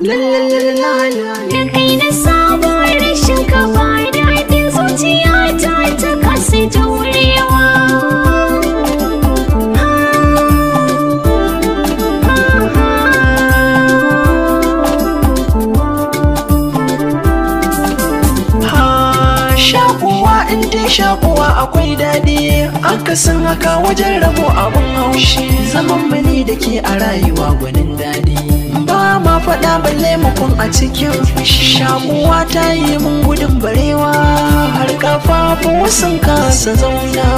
la la la la sa. in dai shakuwa akwai daɗi aka san haka wajen rabo abun haushi zaman mani da ke a rayuwa gwanin daɗi ba ma faɗa balle makon a cikin shakuwa ta yi mun gudun barewa har kafafu sun kasa zauna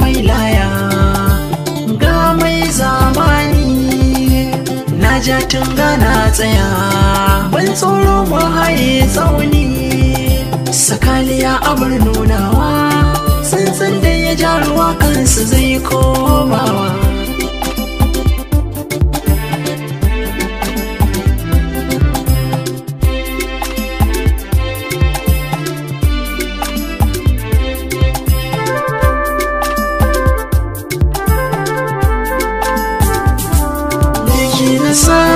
mai laya ga mai zamani na ja tunga na tsaya ban tsoro mu haye tsauni sakaliya abar nunawa tsantsan da ya ja ruwa kansa sun.